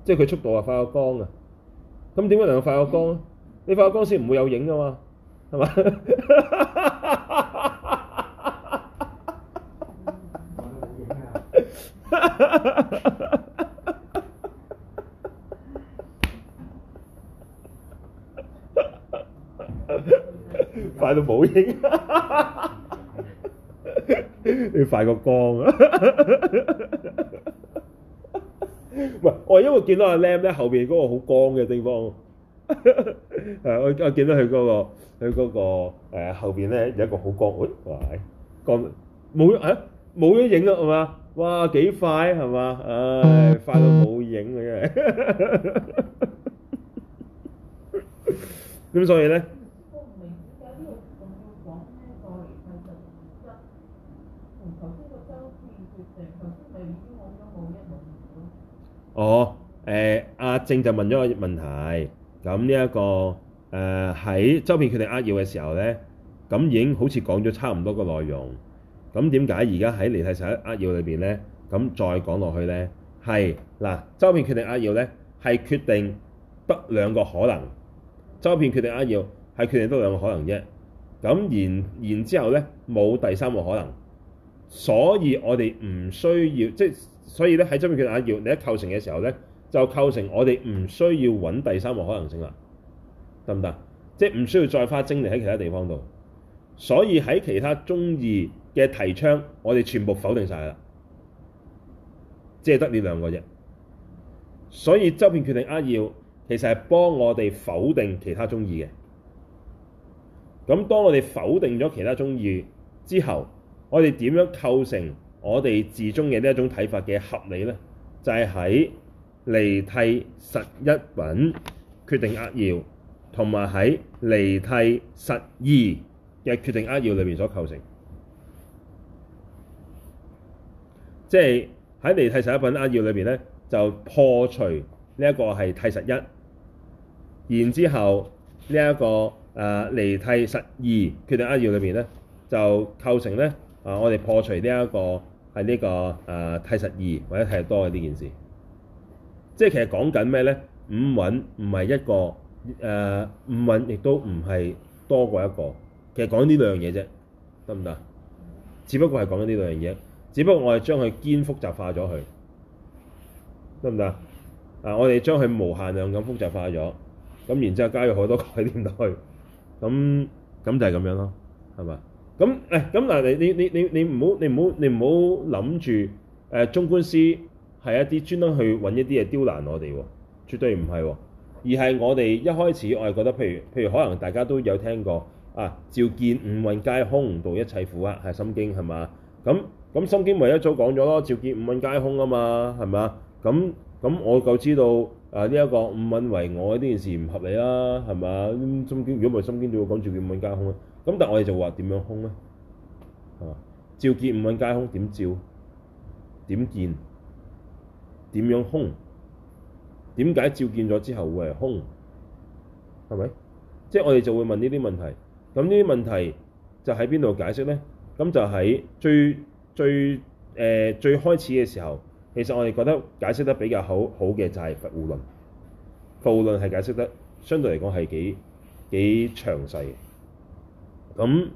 即係佢速度係快過光嘅。咁點解能夠快過光咧？你快過光先唔會有影噶嘛，係嘛？ 喺度冇影，你快過光啊！唔係我係因為見到阿 Lam 咧後邊嗰個好光嘅地方，係我我見到佢嗰個佢嗰個誒後邊咧有一個好光，誒哇，光冇啊冇咗影啦係嘛，哇，幾快係嘛，唉快到冇影啊真係，咁所以咧。頭先個周遍決定，頭先李醫生講咗冇一冇二咯。哦，誒、呃、阿、啊、正就問咗個問題，咁呢一個誒喺、呃、周遍決定扼要嘅時候咧，咁已經好似講咗差唔多個內容。咁點解而家喺離諦實一扼要裏邊咧？咁再講落去咧，係嗱，周遍決定扼要咧，係決定得兩個可能。周遍決定扼要係決定得兩個可能啫。咁然然之後咧，冇第三個可能。所以我哋唔需要，即係所以咧，喺周遍決定扼要，你一構成嘅時候咧，就構成我哋唔需要揾第三個可能性啦，得唔得？即係唔需要再花精力喺其他地方度。所以喺其他中意嘅提倡，我哋全部否定晒啦，即係得呢兩個啫。所以周遍決定扼要，其實係幫我哋否定其他中意嘅。咁當我哋否定咗其他中意之後。我哋點樣構成我哋自宗嘅呢一種睇法嘅合理咧？就係喺離諦實一品決定扼要，同埋喺離諦實異嘅決定扼要裏面所構成。即係喺離諦實一品扼要裏面咧，就破除呢一個係諦實一，然之後呢、這、一個誒離、啊、諦實異決定扼要裏面咧，就構成咧。啊！我哋破除呢、這、一個係呢、這個誒諦、呃、實一或者諦實多嘅呢件事，即係其實講緊咩咧？五蘊唔係一個誒、呃，五蘊亦都唔係多過一個。其實講呢兩樣嘢啫，得唔得？只不過係講緊呢兩樣嘢，只不過我哋將佢兼複雜化咗佢，得唔得？啊！我哋將佢無限量咁複雜化咗，咁然之後加入好多概念落去，咁咁就係咁樣咯，係咪？咁誒咁嗱，你你你你你唔好你唔好你唔好諗住誒中觀師，係一啲專登去揾一啲嘢刁難我哋喎，絕對唔係喎，而係我哋一開始我係覺得，譬如譬如可能大家都有聽過啊，照見五陰皆空，度一切苦厄、啊、係心經係嘛？咁咁、嗯嗯、心經咪一早講咗咯，照見五陰皆空啊嘛，係嘛？咁、嗯、咁、嗯、我就知道誒呢一個五陰為我呢件事唔合理啦、啊，係嘛、嗯？心經如果唔係心經，點會講照見五陰皆空啊？咁但係我哋就話點樣空咧？係嘛，照見五蘊皆空，點照？點見？點樣空？點解照見咗之後會係空？係咪？即係我哋就會問呢啲問題。咁呢啲問題就喺邊度解釋咧？咁就喺最最誒、呃、最開始嘅時候，其實我哋覺得解釋得比較好好嘅就係佛護論。佛護論係解釋得相對嚟講係幾幾詳細。咁誒、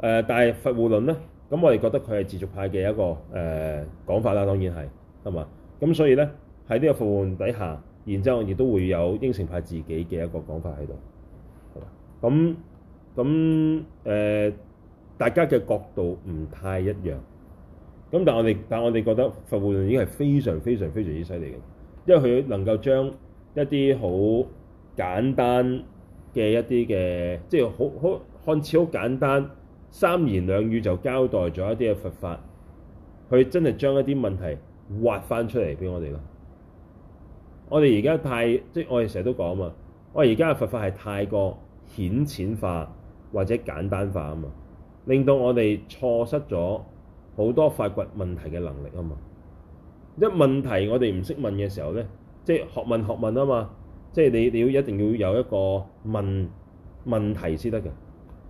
呃，但係佛護論咧，咁我哋覺得佢係自續派嘅一個誒、呃、講法啦，當然係，係嘛？咁所以咧，喺呢個佛護論底下，然之後亦都會有應成派自己嘅一個講法喺度，係咁咁誒，大家嘅角度唔太一樣。咁但係我哋，但係我哋覺得佛護論已經係非常非常非常之犀利嘅，因為佢能夠將一啲好簡單嘅一啲嘅，即係好好。看似好簡單，三言兩語就交代咗一啲嘅佛法，佢真係將一啲問題挖翻出嚟俾我哋咯。我哋而家太，即係我哋成日都講啊嘛，我而家嘅佛法係太過顯淺化或者簡單化啊嘛，令到我哋錯失咗好多發掘問題嘅能力啊嘛。一問題我哋唔識問嘅時候咧，即係學問學問啊嘛，即係你你要一定要有一個問問題先得嘅。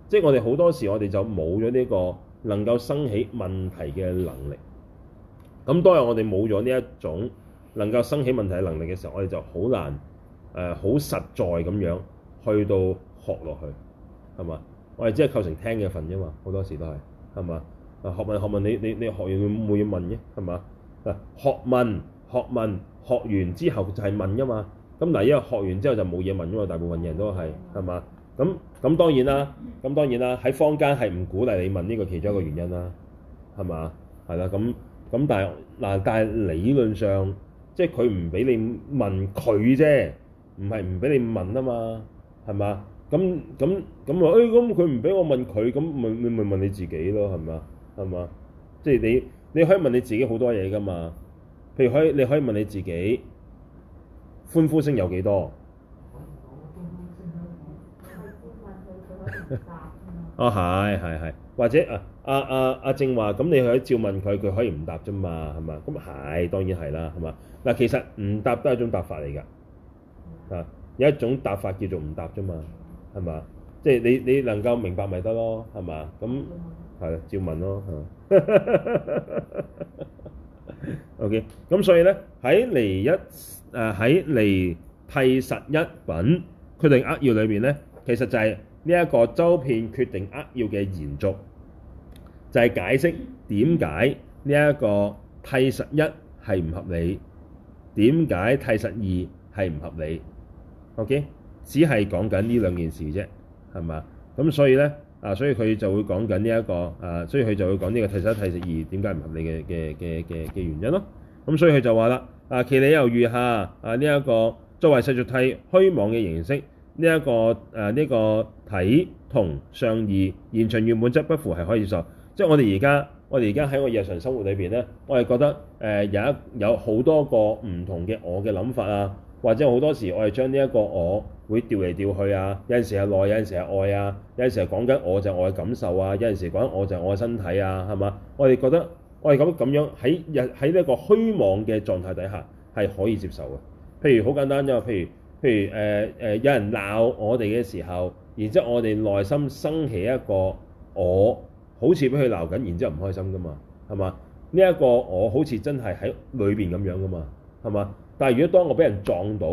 即係我哋好多時，我哋就冇咗呢個能夠生起問題嘅能力。咁當日我哋冇咗呢一種能夠生起問題嘅能力嘅時候，我哋就好難誒好、呃、實在咁樣去到學落去，係嘛？我哋只係構成聽嘅份啫嘛，好多時都係，係嘛？啊，學問學問，你你你學完會唔會問嘅？係嘛？啊，學問學問，學完之後就係問噶嘛。咁嗱，因為學完之後就冇嘢問咗，因為大部分人都係，係嘛？咁咁當然啦，咁當然啦，喺坊間係唔鼓勵你問呢個其中一個原因啦，係嘛？係啦，咁咁但係嗱，但係理論上，即係佢唔俾你問佢啫，唔係唔俾你問啊嘛，係嘛？咁咁咁啊誒咁佢唔俾我問佢，咁咪咪問你自己咯，係咪啊？係嘛？即係你你可以問你自己好多嘢噶嘛，譬如可以你可以問你自己歡呼聲有幾多？哦，係係係，或者啊，阿阿阿正話咁，你可以照問佢，佢可以唔答啫嘛，係嘛？咁係當然係啦，啊，係嘛？嗱，其實唔答都係一種答法嚟㗎，嚇有一種答法叫做唔答啫嘛，係嘛？即係你你能夠明白咪得咯，係嘛？咁係照問咯，係嘛？OK，咁所以咧喺離一誒喺離諦實一品決定扼要裏面咧，其實就係、是。呢一個周遍決定扼要嘅延續，就係、是、解釋點解呢一個諦實一係唔合理，點解諦實二係唔合理。OK，只係講緊呢兩件事啫，係嘛？咁所以咧啊，所以佢就會講緊呢一個啊，所以佢就會講呢個諦實一、諦實二點解唔合理嘅嘅嘅嘅嘅原因咯。咁所以佢就話啦啊，其理由如下啊，呢、這、一個作為世俗諦虛妄嘅形式。呢一、這個誒呢、呃這個體同相異，現象與本質不符係可以接受，即係我哋而家我哋而家喺我日常生活裏邊咧，我係覺得誒、呃、有一有好多個唔同嘅我嘅諗法啊，或者好多時我哋將呢一個我會調嚟調去啊，有陣時係內，有陣時係外啊，有陣時係講緊我就係我嘅感受啊，有陣時講緊我就係我嘅身體啊，係嘛？我哋覺得我哋咁咁樣喺日喺呢一個虛妄嘅狀態底下係可以接受嘅，譬如好簡單啫，譬如。譬如誒誒、呃呃、有人鬧我哋嘅時候，然之後我哋內心生起一個我，好似俾佢鬧緊，然之後唔開心噶嘛，係、這個、嘛？呢一個我好似真係喺裏邊咁樣噶嘛，係嘛？但係如果當我俾人撞到，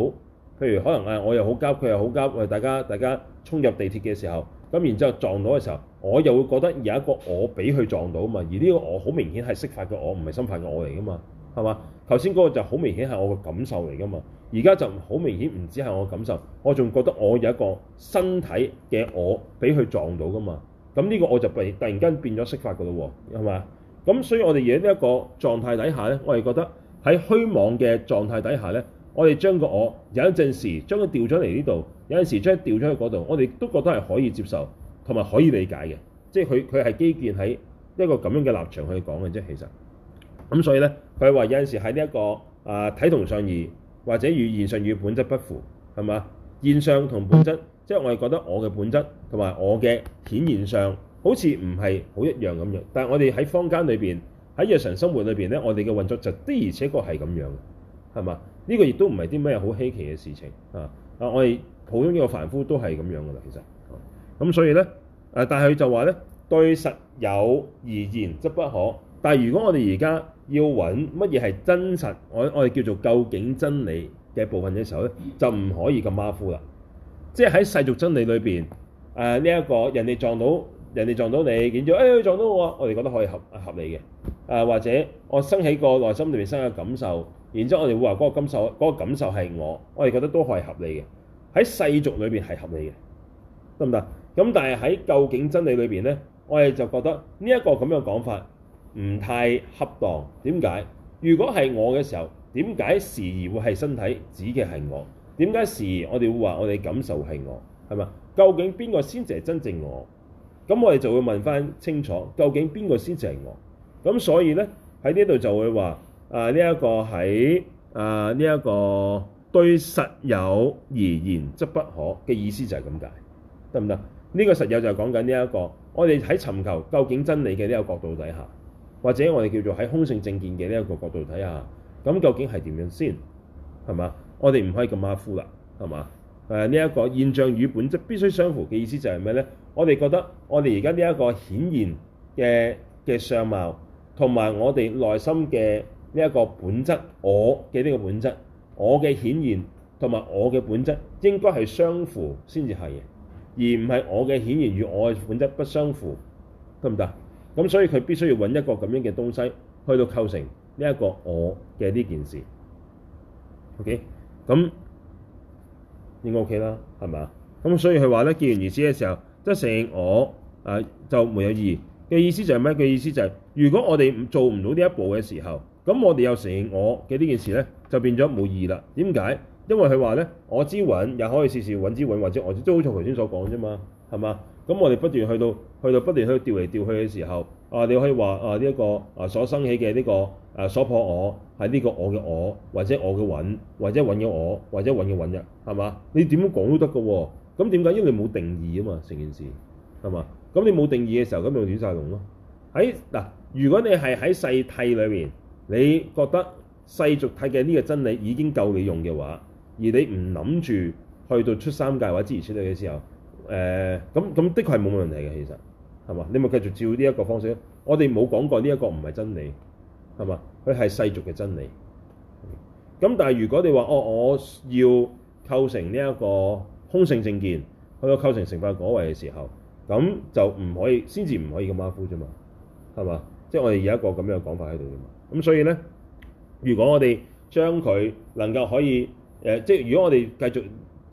譬如可能誒、啊、我又好急，佢又好急，大家大家衝入地鐵嘅時候，咁然之後撞到嘅時候，我又會覺得有一個我俾佢撞到啊嘛，而呢個我好明顯係色法嘅我，唔係心法嘅我嚟噶嘛，係嘛？頭先嗰個就好明顯係我嘅感受嚟噶嘛。而家就好明顯，唔止係我感受，我仲覺得我有一個身體嘅我俾佢撞到噶嘛。咁呢個我就突然間變咗識法噶咯喎，係嘛？咁所以我哋而喺呢一個狀態底下咧，我哋覺得喺虛妄嘅狀態底下咧，我哋將個我有一陣時將佢調咗嚟呢度，有陣時將佢調咗去嗰度，我哋都覺得係可以接受同埋可以理解嘅。即係佢佢係基建喺一個咁樣嘅立場去講嘅，啫。其實咁所以咧，佢話有陣時喺呢一個啊體同相異。或者與現象與本質不符，係嘛？現象同本質，即係我係覺得我嘅本質同埋我嘅顯現，現上好似唔係好一樣咁樣。但係我哋喺坊間裏邊，喺日常生活裏邊咧，我哋嘅運作就的而且確係咁樣，係嘛？呢、這個亦都唔係啲咩好稀奇嘅事情啊！啊，我哋普通呢個凡夫都係咁樣噶啦，其實。咁、啊、所以咧，誒、啊，但係佢就話咧，對實有而言則不可。但係如果我哋而家，要揾乜嘢係真實，我我哋叫做究竟真理嘅部分嘅時候咧，就唔可以咁馬虎啦。即係喺世俗真理裏邊，誒呢一個人哋撞到人哋撞到你，然之後、哎、撞到我，我哋覺得可以合合理嘅。誒、呃、或者我生起個內心裏邊生起嘅感受，然之後我哋會話嗰個感受嗰、那個、感受係我，我哋覺得都可以合理嘅。喺世俗裏邊係合理嘅，得唔得？咁但係喺究竟真理裏邊咧，我哋就覺得呢、這、一個咁樣講法。唔太恰當，點解？如果係我嘅時候，點解時而會係身體指嘅係我？點解時而我哋會話我哋感受係我，係嘛？究竟邊個先至係真正我？咁我哋就會問翻清楚，究竟邊個先至係我？咁所以呢，喺呢度就會話啊呢一個喺啊呢一個、呃這個、對實有而言則不可嘅意思就係咁解，得唔得？呢、這個實有就係講緊呢一個我哋喺尋求究竟真理嘅呢個角度底下。或者我哋叫做喺空性正見嘅呢一個角度睇下，咁究竟係點樣先係嘛？我哋唔可以咁馬虎啦，係嘛？誒，呢一個現象與本質必須相符嘅意思就係咩咧？我哋覺得我哋而家呢一個顯現嘅嘅相貌，同埋我哋內心嘅呢一個本質，我嘅呢個本質，我嘅顯現同埋我嘅本質應該係相符先至係嘅，而唔係我嘅顯現與我嘅本質不相符，得唔得？咁所以佢必須要揾一個咁樣嘅東西去到構成呢、這、一個我嘅呢件事，OK？咁那應該 OK 啦，係咪啊？咁所以佢話咧，既然如此嘅時候，即係承認我誒就沒有意義嘅，嗯、意思就係咩？嘅意思就係、是、如果我哋做唔到呢一步嘅時候，咁我哋又承認我嘅呢件事咧，就變咗冇意義啦。點解？因為佢話咧，我之蘊，也可以試試蘊之蘊，或者我之我，即係好似頭先所講啫嘛，係嘛？咁我哋不斷去到去到不斷去調嚟調去嘅時候，啊你可以話啊呢一個啊所生起嘅呢個啊所破我係呢個我嘅我，或者我嘅蘊，或者蘊嘅我，或者蘊嘅蘊啫，係嘛？你點樣講都得嘅喎，咁點解？因為冇定義啊嘛，成件事係嘛？咁你冇定義嘅時候，咁咪亂晒龍咯。喺嗱，如果你係喺世諦裏面，你覺得世俗諦嘅呢個真理已經夠你用嘅話，而你唔諗住去到出三界或者之前出到嘅時候，誒咁咁的確係冇問題嘅。其實係嘛？你咪繼續照呢一個方式。我哋冇講過呢一個唔係真理係嘛？佢係世俗嘅真理。咁但係如果你話哦，我要構成呢一個空性正見，去到構成成法果位嘅時候，咁就唔可以先至唔可以咁馬虎啫嘛？係嘛？即係我哋有一個咁樣嘅講法喺度嘅嘛。咁所以咧，如果我哋將佢能夠可以。誒，即係如果我哋繼續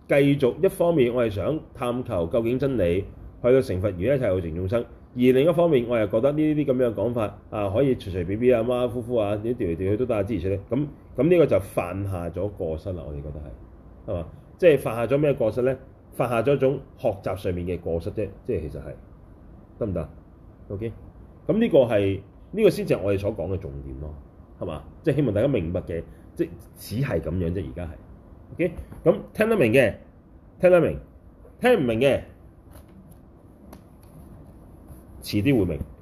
繼續，一方面我係想探求究竟真理，去到成佛而一齊度化眾生；而另一方面，我又覺得呢啲咁樣嘅講法啊，可以隨隨便便便啊、馬馬虎虎啊，你調嚟調去都得啊，支持你，嚟。咁咁呢個就犯下咗過失啦，我哋覺得係，係嘛？即係犯下咗咩過失咧？犯下咗一種學習上面嘅過失啫，即係其實係得唔得？OK？咁呢個係呢個先至係我哋所講嘅重點咯，係嘛？即係希望大家明白嘅，即係只係咁樣啫，而家係。OK，咁聽得明嘅，聽得明，聽唔明嘅，遲啲會明。